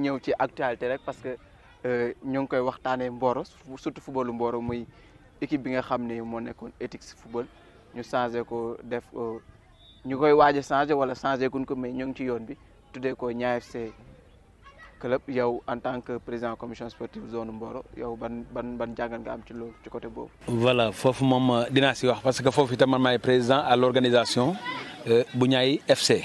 ñëw ci actualité rek parce que euh, ñoo ngi koy waxtaanee Mboro surtout footballu Mboro muy équipe bi nga xam ne moo nekkoon Ethics football ñu changé ko def euh, ñu koy waaja changé wala changé kuñ ko mais ñu ngi ci yoon bi tuddee ko Niayes FC club yow en tant que président commission sportive zone Mboro yow ban ban ban jàngat nga am ci loolu ci côté boobu. voilà foofu moom euh, dinaa si wax parce que foofu itam man maay président à l'organisation bu ñaay FC.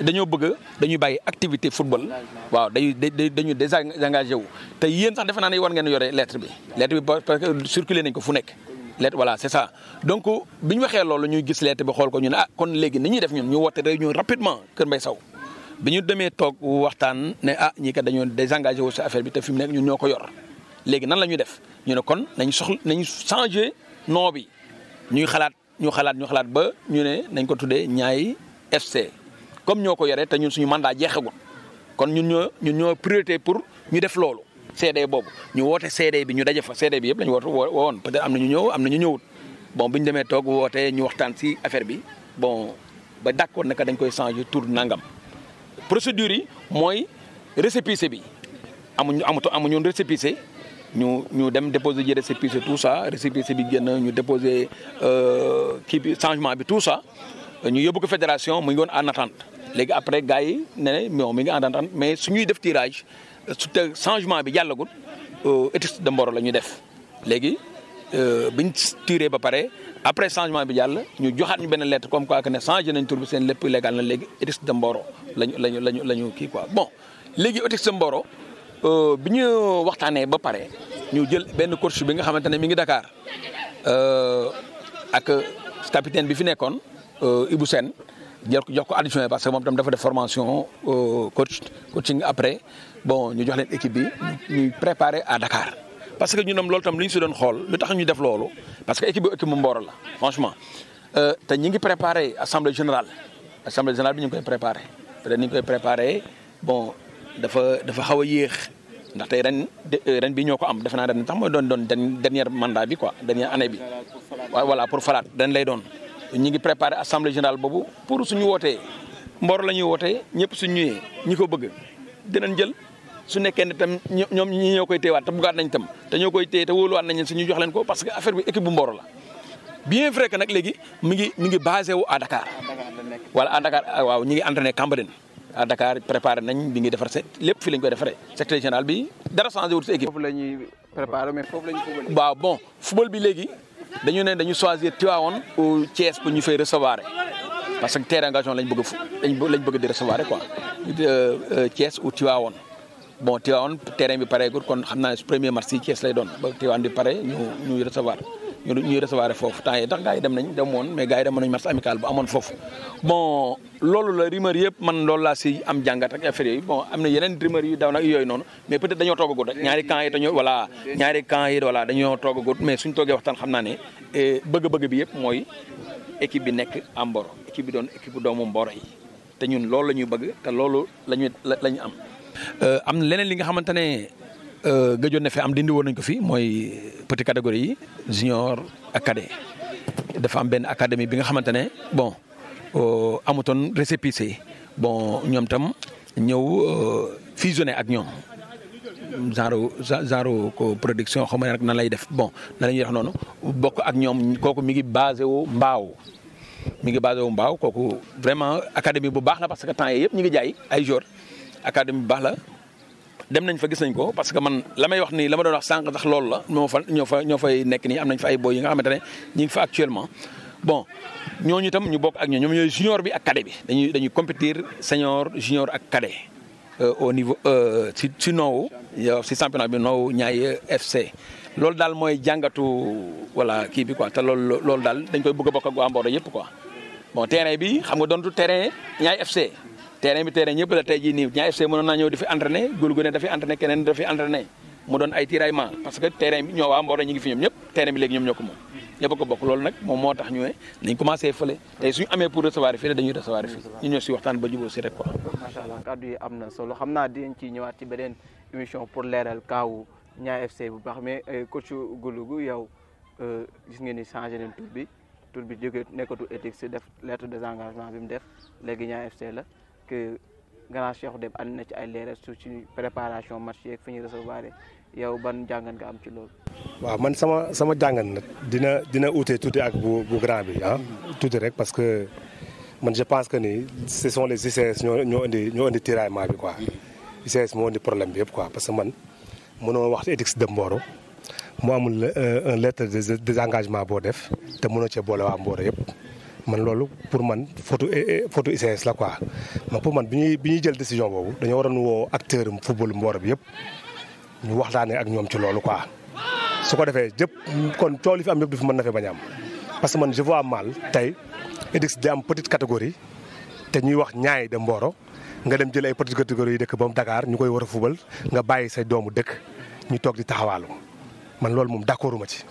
dañoo bëgg dañuy bàyyi activité football waaw dañuy dañuy désengagé wu te yéen sax defe naa ne war ngeen yore lettre bi lettre bi parce que circulé nañ ko fu nekk lettre voilà c'est ça donc bi ñu waxee loolu ñuy gis lettre bi xool ko ñu ne ah kon léegi ni ñuy ñun ñu woote réunion rapidement Kër Mbaye Sow bi ñu demee toog waxtaan ne ah ñii kat dañoo désengagé wu si affaire bi te fi mu nekk ñun ñoo ko yor léegi nan la ñuy def ñu ne kon nañ soxla nañ changé nom bi ñuy xalaat ñu xalaat ñu xalaat ba ñu ne nañ ko tuddee Niayes FC comme ñoo ko yore te ñun suñu mandat jeexagul kon ñu ñoo ñun ñoo priorité pour ñu def loolu. CD boobu ñu woote CD bi ñu daje fa CD bi yëpp la ñu woote woon peut-être am na ñu ñëw am na ñëwut bon bi ñu demee toog woote ñu waxtaan si affaire bi bon ba d'accord naka dañ koy changer tour nangam procédure yi mooy récépissé bi amuñu amuto amuñu récépissé ñu ñu dem déposer ji récépissé tout ça récépissé bi génn ñu déposer euh, kii bi changement bi tout ça ñu yóbbu ko fédération mu ngi woon en attente léegi après gars yi ne ne moom mi ngi en attente mais suñuy def tirage su te changement bi jàllagul euh, étude de Mboro la ñu def léegi euh, biñ tiré ba pare après changement bi jàll ñu joxaat ñu benn lettre comme quoi que ne changé nañ tur seen lépp légal na léegi étude de Mboro lañu lañu lañu la ñu kii quoi bon léegi étude de Mboro euh, bi ñu waxtaanee ba pare ñu jël benn coach bi nga xamante ne mi ngi Dakar ak capitaine bi fi nekkoon Ibou Sène jox ko jox ko addition parce que moom tam dafa def formation euh, coach coaching après bon ñu jox leen équipe bi ñuy préparer à Dakar. parce que ñun loolu tam li ñu si doon xool lu tax ñu def loolu parce que équipe bi équipe mu Mboro la franchement euh, te ñi ngi préparer assemblée générale assemblée générale bi ñu koy préparer te ni ñu koy préparer bon dafa dafa xaw a yéex. ndax tey ren euh, ren bi ñoo ko am defe naa ren tax mooy doon doon dernier mandat bi quoi dernière année bi waaw voilà pour falaat dañ lay doon ñu ngi préparé assemblée générale boobu pour suñu wootee Mboro la ñuy wootee ñëpp suñ ñëwee ñi ko bëgg dinañ jël su nekkee ne tam ñoom ñi ñoo koy téewaat te buggaat nañ tam te ñoo koy téye te wóoluwaat nañ si ñu jox leen ko parce que affaire bi équipe bu Mboro la bien vrai que nag léegi mi ngi mi ngi basé wu à Dakar. wala à Dakar ah, waaw ñi ngi entraîné Cambérène à Dakar préparé nañ bi ngi defar set lépp fii la ñu koy defaree secrétaire général bi dara changé wul si équipe. foofu la ñuy préparé mais foofu la ñu waaw bon football bi léegi. dañu ne dañu choisir Tivaouane ou Thiès pour ñu fay recevoir parce que terrain d'engagement lañ bëgg lañ bëgg di recevoir quoi euh, euh, Thiès ou Tivaouane bon Tivaouane terrain bi pareegul kon xam naa ne premier match si Thiès lay doon ba Tivaouane bi pare ñu ñu recevoir. ñu ñuy recevoir foofu temps yi tax gars yi dem nañ dem woon mais gars yi dem nañ match amical bu amoon foofu. bon loolu la rumeur yëpp man loolu si am jàngat ak affaire yi bon am na yeneen rumeur yu daw nag yooyu noonu mais peut-être dañoo toog a gudd rek ñaari camp yi dañoo voilà ñaari a gudd mais suñ toogee waxtaan xam naa ne eh, bëgg-bëgg bi yëpp mooy équipe bi nekk à Mboro équipe bi doon équipe doomu Mboro yi te ñun loolu la ñuy bëgg te loolu la ñuy la ñu am. Euh, am na leneen li nga xamante ne Euh, gëjoon na fi am dindi woon nañ ko fi mooy petit catégorie yi junior ak dafa am benn académie bi nga xamante ne bon euh, amutoon récépissé bon ñoom tam ñëw euh, fusionné ak ñoom genre genre ko production xaw ma nag nan lay def bon nan la ñuy def noonu bokk ak ñoom kooku mi ngi basé wu mbaaw mi ngi basé wu mbaaw kooku vraiment académie bu baax la parce que temps yii yëpp ñu ngi jaay ay jour académie bu baax la. dem nañ fa gis nañ ko parce que man la may wax ni la ma doon wax sànq sax loolu la moo fa ñoo fa ñoo fay nekk nii am nañ fa ay boy yi nga xamante ne ñu ngi fa actuellement bon ñooñu tam ñu bokk ak ñoom ñoom ñooy junior bi ak cadet bi dañuy dañuy compétir senior junior ak cadet euh, au niveau si euh, si noowu si championnat bi noowu ñaay FC loolu daal mooy jàngatu voilà kii bi quoi te loolu loolu daal dañ koy bëgg a bokk ak waa Mboro yëpp quoi bon terrain bi xam nga doon terrain ñaay FC terrain bi terrain ñëpp la tey jii nii ñaari FC mënoon naa ñëw di fi entraîné góor gu ne dafi entraîné keneen dafi entraîné mu doon ay tiraillement parce que terrain bi ñoo waa Mboro ñu ngi fi ñoom ñëpp terrain bi léegi ñoom ñoo ko moom ñëpp ko bokk loolu nag moom moo tax ñu ne nañ commencé fële tey suñu amee pour recevoir fii dañuy recevoir fii ñu ñëw si waxtaan ba jubóo si rek quoi. macha allah kàddu yi am na solo xam naa dinañ ci ñëwaat ci beneen émission pour leeral kaawu ñaari FC bu baax mais euh, coach Goulougou yow euh, gis ngeen ni changé nañ tur bi tur bi jógee nekkatu éthique si def lettre de désengagement bi mu def léegi ñaari FC la que grand Cheikh de ànd na ci ay leeral su ci préparation match yeeg fi ñu recevoir yow ban jàngat nga am ci loolu. waaw man sama sama jàngat nag dina dina uute tuuti ak bu bu grand bi ah tuuti rek parce que man je pense que ni ce sont les ICS ñoo ñoo indi ñoo indi tiraillement bi quoi. ICS moo indi problème bi yëpp quoi parce que man mënoo wax ETICS de Mboro mu amul euh, un lettre de désengagement boo def te mënoo cee boole waa Mboro yëpp. man loolu pour man photo eh, eh, photo ICS la quoi man pour man bi ñuy bi ñuy jël décision boobu dañoo waroon woo acteur football mbooro bi yëpp ñu waxtaanee ak ñoom ci loolu quoi. su ko defee jëpp kon coow li fi am yëpp du fi mën na fee bañ am parce que man je vois mal tey EDIX di am petite catégorie te ñuy wax ñaay de mbooro nga dem jël ay petite catégorie yi dëkk ba dakaar ñu koy war a nga bàyyi say doomu dëkk ñu toog di taxawaalu man loolu moom d'accorduma ci.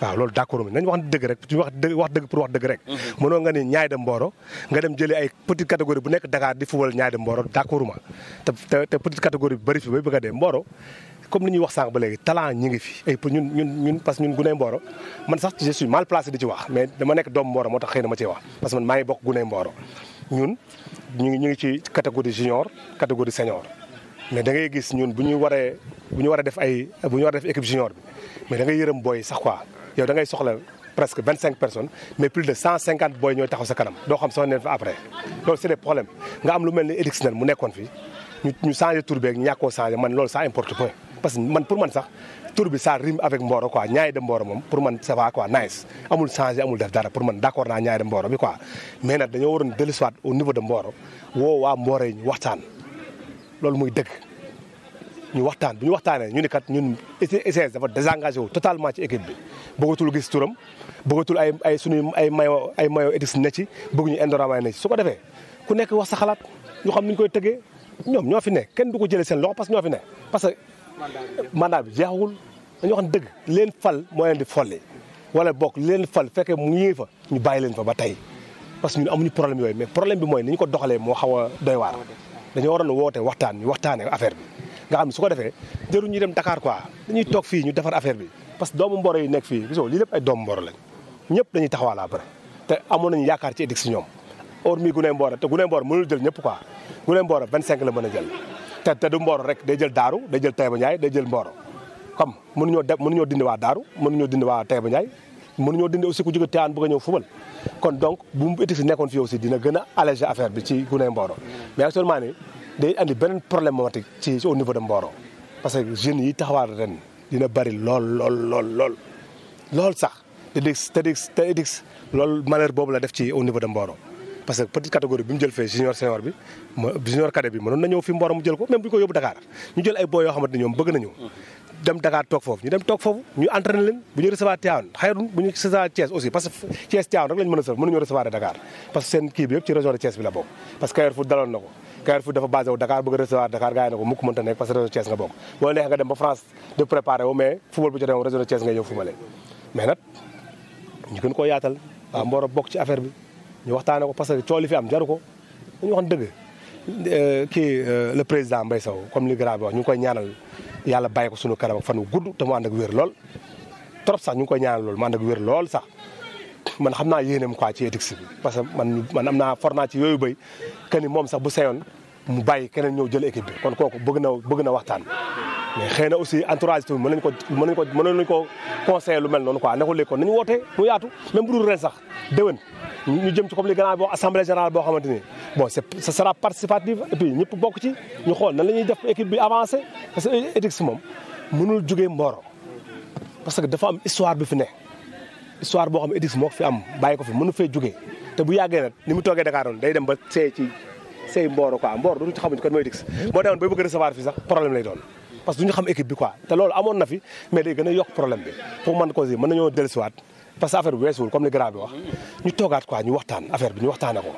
waaw loolu d'accord nañ wax dëgg rek suñu wax dëgg wax dëgg pour wax dëgg rek mhm. mënoo nga ni ñaay de Mboro nga dem jëli ay petite catégorie bu nekk Dakar di fubal ñaay de Mboro d'accord ma te te petite catégorie bi bëri fi ba bëgg dee Mboro comme li ñuy wax sànq ba léegi talent ñi ngi fi ay ñun ñun ñun parce que ñun guney Mboro man sax je suis mal placé di ci wax mais dama nekk doom Mboro moo tax xëy na ma ciy wax parce que man maa ngi bokk guney Mboro ñun ñu ngi ñu ngi ci catégorie junior catégorie senior mais da ngay gis ñun bu ñu waree bu ñu waree def ay bu ñu waree def équipe junior bi mais sax quoi yow da ngay soxla presque vingt cinq personnes mais plus de cent cinquante booy ñooy taxaw sa kanam doo xam soo neen après loolu c'est des problèmes nga am lu mel ni Eriksen mu nekkoon fi ñu ñu changé tur beeg ñàkkoo changé man loolu ça importe peu parce que man pour man sax tur bi ça rime avec Mboro quoi ñaay de Mboro moom pour man ça va quoi nice amul changé amul def dara pour man d'accord naa ñaay de Mboro bi quoi mais nag dañoo waroon dellusiwaat au niveau de Mboro woo waa Mboro yi loolu muy dëgg ñu waxtaan bu ñu waxtaanee ñu ne kat ñun ECS dafa désengagé wu totalement ci équipe bi bëggatul gis turam bëggatul ay ay suñuy ay mayo ay mayo ETICS ne ci bëgguñu Indorama ne ci su ko defee ku nekk wax sa xalaat ñu xam ni ñu koy tëggee ñoom ñoo fi ne kenn du ko jëlee seen loxo parce que ñoo fi ne parce que mandat bi jeexagul dañoo xam dëgg leen fal moo leen di folli wala bokk leen fal fekkee mu ngi fa ñu bàyyi leen fa ba tey parce que ñun amuñu problème yooyu mais problème bi mooy ni ñu ko doxalee moo xaw a doy waar dañoo waroon woote waxtaan ñu waxtaanee affaire bi nga xam su ko defee jëru ñu dem Dakar quoi dañuy toog fii ñu defar affaire bi parce que doomu Mboro yi nekk fii gisoo lii lépp ay doomu Mboro lañ ñëpp dañuy taxawaal après te amoon nañu yaakaar ci EDIC si ñoom hormis Guney Mboro te Guney Mboro mënul jël ñëpp quoi Guney Mboro 25 la mën a jël te te du Mboro rek day jël Daaru day jël Taïba Ndiaye day jël Mboro comme mënuñoo dem mënuñoo dindi waa Daaru mënuñoo dindi waa Taïba Ndiaye mënuñoo dindi aussi ku jóge Tivaouane bëgg a ñëw fubal kon donc bu EDIC si nekkoon fii aussi dina gën a alléger affaire bi ci Guney Mboro mais actuellement nii day andi beneen problématique ci au niveau de Mboro parce que jeunes yi taxawaat ren dina bari lool lool lool lool lool sax te dix te dix te dix loolu malheur boobu la def ci au niveau de Mboro parce que petite catégorie bi mu jël fee junior senior bi junior cadet bi mënoon na ñëw fi Mboro mu jël ko même bu ñu ko yóbbu Dakar ñu jël ay boo yoo xamante ñoom bëgg nañu dem Dakar toog foofu ñu dem toog foofu ñu entraîné leen bu ñu recevoir Tivaouane xayrun bu ñu recevoir Thiès aussi Dakar parce que seen kii bi yëpp ci région bi la bokk parce que Kayor Foot daloon Dakar bëgg a recevoir Dakar nekk parce que région de Thiès nga nag ñu gën koo yaatal waaw Mboro bokk ci affaire bi ñu waxtaane ko parce que coow li fi am jaru ko dañu waxoon dëgg kii euh, le président Mbaye Sow comme li grave wax ñu koy ñaanal yàlla bàyyi ko sunu kanam ak fan wu gudd te mu ànd ak wér lool trop sax ñu ngi koy ñaanal lool mu ànd ak wér lool sax man xam naa yéeneem quoi ci éthique bi parce que man man am naa for naa ci yooyu béy que ni moom sax bu seyoon mu bàyyi keneen ñëw jël équipe kon kooku bëgg na bëgg na waxtaan mais xëy na aussi entourage tamit mën nañ ko mën na ko mën nañ ko conseil lu mel noonu quoi ne ko léegi kon nañu woote mu yaatu même bu dul ren sax déwén ñu jëm ci comme li gannaaw bi wax boo xamante ni bon c' est ce sera participatif et puis ñëpp bokk ci ñu xool nan la ñuy def équipe bi avancé parce que ETICS moom mënul jógee Mboro parce que dafa am histoire bi fi ne histoire boo xam ETICS moo fi am bàyyi ko fi mënu fee jógee te bu yàggee nag ni mu toogee Dakar noonu day dem ba seey ci seey Mboro quoi Mboro dootuñu xamuñu kon mooy ETICS boo demoon bay bëgg recevoir fii sax problème lay doon parce que duñu xam équipe bi loolu amoon na fi mais day gën a yokk problème bi pour man cause parce que affaire wessul comme le grand bi wax ñu toogaat quoi ñu waxtaan affaire bi ñu waxtaane ko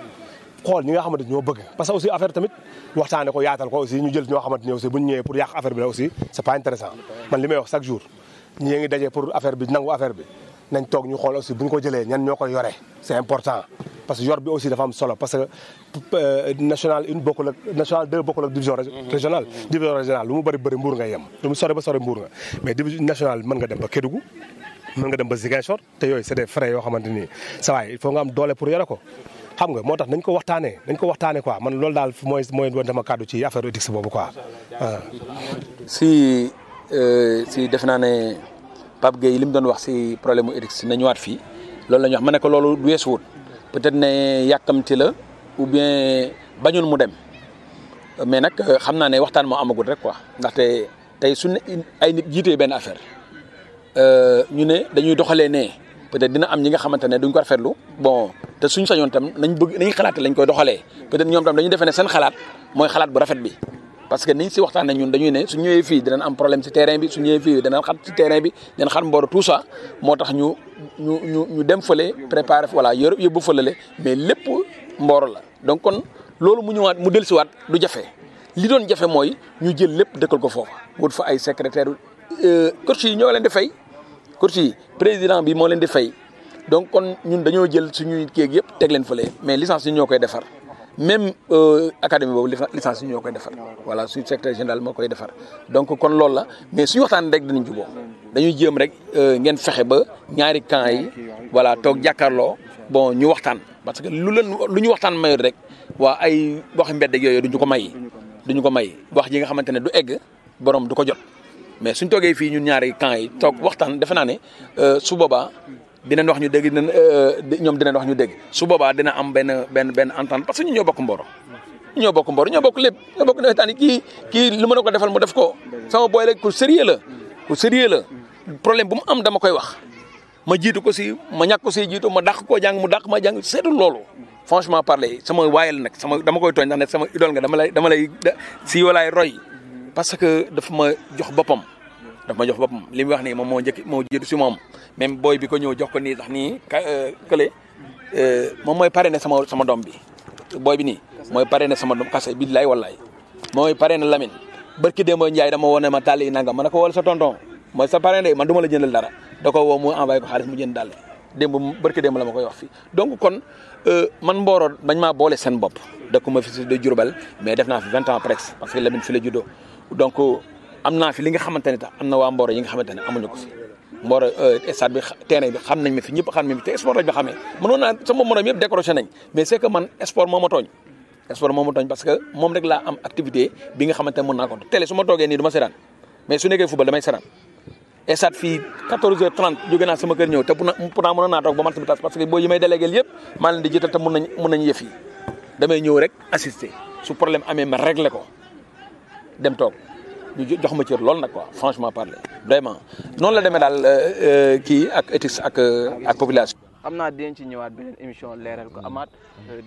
xool ñi nga xamante ñoo bëgg parce que aussi affaire tamit waxtaane ko yaatal ko aussi ñu jël ñoo xamante ne aussi bu ñu ñëwee pour yàq affaire bi la aussi c'est pas intéressant man li may wax chaque jour ñi ngi dajee pour affaire bi nangu affaire bi nañ toog ñu xool aussi bu ñu ko jëlee ñan ñoo ko yore c'est important parce que yor bi aussi dafa am solo parce que euh, national une bokkul ak national deux bokkul ak division régionale division régionale lu mu bari bëri mbuur nga yem lu mu sori ba sori mbuur nga mais division national mën nga dem ba Kédougou mën nga dem ba Ziguinchor te yooyu c'est des frais yoo xamante ni sa waay il faut am doole pour yore ko xam nga moo tax nañ ko waxtaanee nañ ko waxtaane ko man loolu daal mooy mooy doon sama kàddu ci affaire éthique boobu quoi si euh, si defe naa ne Pape Gueye li mu doon wax si problème mu éthique ñu waat fii loolu la ñu wax ma ne ko loolu du weesuwut peut-être ne yàkkamti la ou bien bañul mu dem mais nag euh, xam naa ne waxtaan moo amagul rek quoi ndaxte tey su ne ay nit jiitee benn affaire Euh, ñu ne dañuy doxalee ne peut dina am ñi nga xamante ne duñ ko rafetlu bon te suñ sañoon tam nañ bëgg nañ xalaat lañ koy doxalee peut ñoom tam dañuy defee ne seen xalaat mooy xalaat bu rafet bi parce que niñ si waxtaanee ñun dañuy ne su ñëwee fii dinañ am problème si terrain bi su ñëwee fii dinañ xat si terrain bi dinañ xat mboor tout ça moo tax ñu ñu ñu ñu dem fële préparer voilà yë yóbbu fëlale mais lépp mbooro la donc kon loolu mu ñëwaat mu dellusiwaat du jafe li doon jafe mooy ñu jël lépp dëkkal ko foofa wut fa ay secrétaire euh, coach yi ñoo leen di fay course yi président bi moo leen di fay donc kon ñun dañoo jël suñuy kéeg yëpp teg leen fële mais licence yi ñoo koy defar même euh, académie boobu licence yi ñoo koy defar voilà suñu secrétaire général moo koy defar donc kon loolu la mais suñu waxtaan rek dinañ juboo dañuy jéem rek euh, ngeen fexe ba ñaari camp yi voilà toog jàkkaarloo bon ñu waxtaan parce que lu leen lu ñu waxtaan mayut rek waa ay waxi mbedd yooyu duñu ko may duñu ko may wax yi nga xamante ne du egg boroom du ko jot mais suñ toogee fii ñun ñaari camp yi toog waxtaan defe naa ne euh, su boobaa dinañ wax ñu dégg dinañ euh, ñoom dinañ wax ñu dégg su boobaa dina am benn benn benn entente parce que ñu ñoo bokk mboro ñoo bokk mboro ñoo bokk lépp ñoo bokk nawetaan yi kii kii lu ma ne ko defal mu def ko sama boy la ku sérieux la ku sérieux la problème bu mu am dama koy wax ma jiitu ko si ma ñàkk ko si jiitu ma dàq ko jàng mu dàq ma jàng seetul loolu franchement parler sama waayal nag sama dama koy tooñ ndax sama idole nga dama lay dama lay si yow laay roy parce que dafa ma jox boppam daf jox boppam li mu wax nii moom moo njëkk moo jiitu si moom même booy bi ko ñëw jox ko nii sax nii euh, kële euh, moom mooy parrainé sama sama doom bi booy bi nii mooy parrainé sama doom kase billaay wallaay mooy parrainé Lamine barki démb Ndiaye dama woo ne ma tàll yi nangam ma ne ko wala sa tonton mooy sa parrainé man du ma la jëndal dara da ko woo mu envoyé ko xaalis mu jënd dàll démb barki démb la ma koy wax fii donc kon euh, man mbooroo bañ maa boole seen bopp dëkk ma fi si de Diourbel mais def naa parce que Lamine fi la juddoo donc euh, am naa fi li nga xamante ne tax am na waa Mboro yi nga xamante ne amuñu ko fi Mboro euh, stade bi terrain bi xam nañ ma fi ñëpp xam nañ ma fi te sport lañ ma xamee mënoon naa sama morom yëpp décroché nañ mais c'est que man sport moo ma tooñ sport moo ma tooñ parce am activité bi nga xamante ne mën naa ko télé su ma toogee nii jóge naa sama kër ñëw te pourtant mënoon naa toog ba match bi tas parce que boo yi may délégué yëpp maa leen di jiital mun nañ mun nañ damay ñëw rek assister su problème amee ma réglé ko dem toog ñu jox ma cër loolu nag quoi franchement parler vraiment noonu la demee daal euh, euh, kii ak étis ak euh, ak population. xam naa dinañ ci ñëwaat beneen émission leeral ko amaat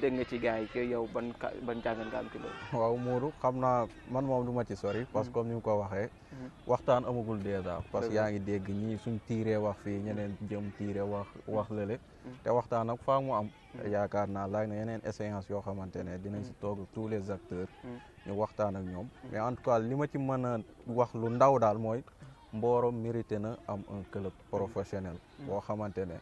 dégg nga ci gars yi yow ban ban jàngat nga am waaw Modou xam na man moom du ma ci sori. parce que comme ni mu ko waxee. Mhm. waxtaan amagul déjà. parce que yaa ngi dégg ñii suñ tiire wax fii ñeneen jëm tiire wax wax mhm. lële. Mhm. te waxtaan ak faa mu am. Mm. yaakaar naa laaj na yeneen échéance yoo xamante ne dinañ mm. si toog tous les acteurs mm. ñu waxtaan ak ñoom mais en tout cas li ma ci mën a wax lu ndaw daal mooy Mboro mérité na am un club professionnel boo xamante ne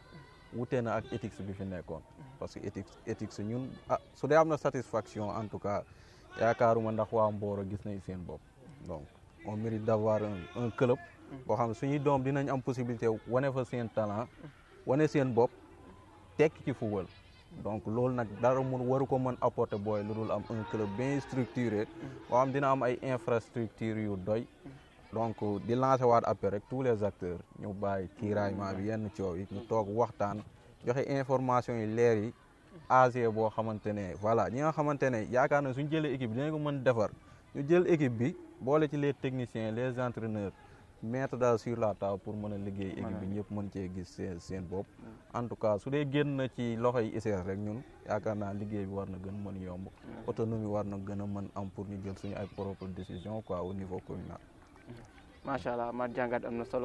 wute na ak éthique bi fi nekkoon parce que éthique éthique ñun ah su dee am na satisfaction en tout cas yaakaaruma ndax waa Mboro gis nañ seen bopp donc on mérite d'avoir un club boo xam ne suñuy doom dinañ am possibilité wane fa seen talent wane seen bopp tekki ci football donc loolu nag dara mun waru ko mën apporter booy lu dul am un club bien structuré boo xam dina am ay infrastructure yu doy donc di lancer waat appel rek tous les acteurs ñu bàyyi tiraillement bi yenn coow yi ñu toog waxtaan joxe information yi leer yi AG boo xamante ne voilà ñi nga xamante ne yaakaar na suñ jëlee équipe bi dinañ ko mën defar ñu jël équipe bi boole ci les techniciens les entraîneurs mettre daal sur la table pour mën liggéey équipe bi ñëpp mën cee gis seen seen bopp en tout cas su dee génn na ci loxo yi ICS rek ñun yaakaar naa liggéey bi war na gën mën yomb autonomie war na gën a mën am pour ñu jël suñu ay propre décision quoi au niveau communal macha allah ma jàngat am na solo